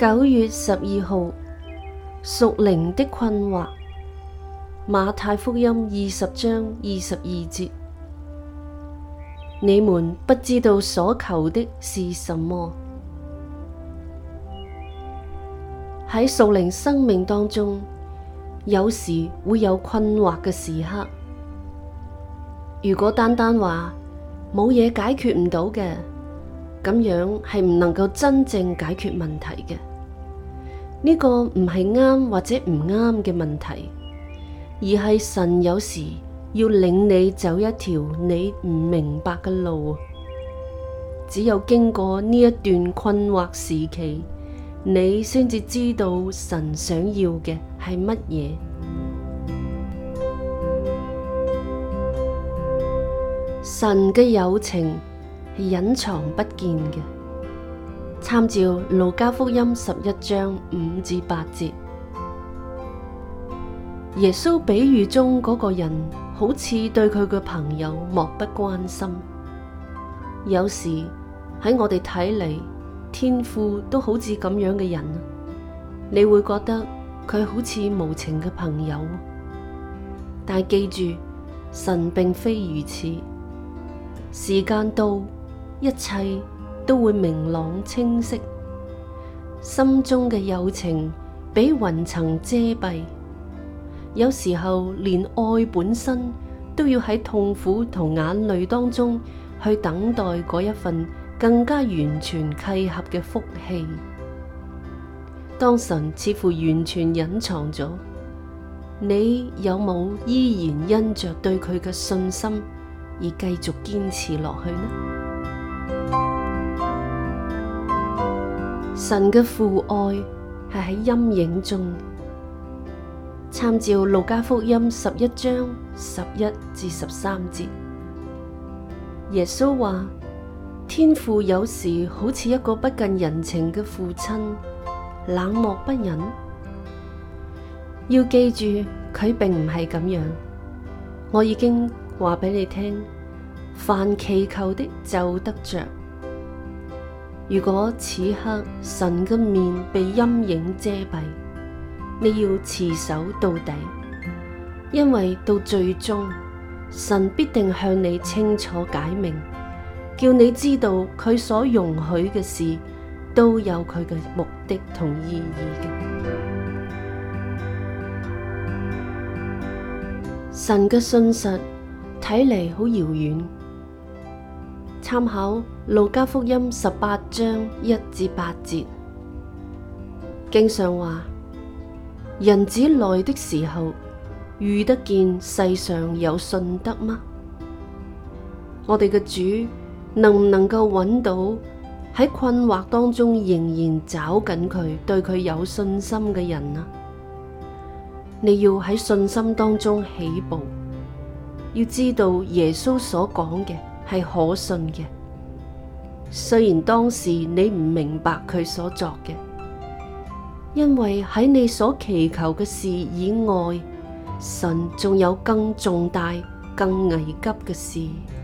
九月十二號，屬靈的困惑。馬太福音二十章二十二節：你們不知道所求的是什麼。喺屬靈生命當中，有時會有困惑嘅時刻。如果單單話冇嘢解決唔到嘅，咁樣係唔能夠真正解決問題嘅。呢個唔係啱或者唔啱嘅問題，而係神有時要領你走一條你唔明白嘅路。只有經過呢一段困惑時期，你先至知道神想要嘅係乜嘢。神嘅友情係隱藏不見嘅。參照路加福音十一章五至八節，耶穌比喻中嗰個人好似對佢嘅朋友漠不關心。有時喺我哋睇嚟，天父都好似咁樣嘅人。你會覺得佢好似無情嘅朋友，但係記住，神並非如此。時間到，一切。都會明朗清晰，心中嘅友情俾雲層遮蔽，有時候連愛本身都要喺痛苦同眼淚當中去等待嗰一份更加完全契合嘅福氣。當神似乎完全隱藏咗，你有冇依然因着對佢嘅信心而繼續堅持落去呢？神嘅父愛係喺陰影中。參照路加福音十一章十一至十三節，耶穌話：天父有時好似一個不近人情嘅父親，冷漠不仁。要記住，佢並唔係咁樣。我已經話俾你聽，凡祈求的就得着。如果此刻神嘅面被陰影遮蔽，你要持守到底，因為到最終，神必定向你清楚解明，叫你知道佢所容許嘅事都有佢嘅目的同意義嘅。神嘅信實睇嚟好遙遠。參考路加福音十八章一至八節，經常話，人子來的時候遇得見世上有信德嗎？我哋嘅主能唔能夠揾到喺困惑當中仍然找緊佢、對佢有信心嘅人啊？你要喺信心當中起步，要知道耶穌所講嘅係可信嘅。雖然當時你唔明白佢所作嘅，因為喺你所祈求嘅事以外，神仲有更重大、更危急嘅事。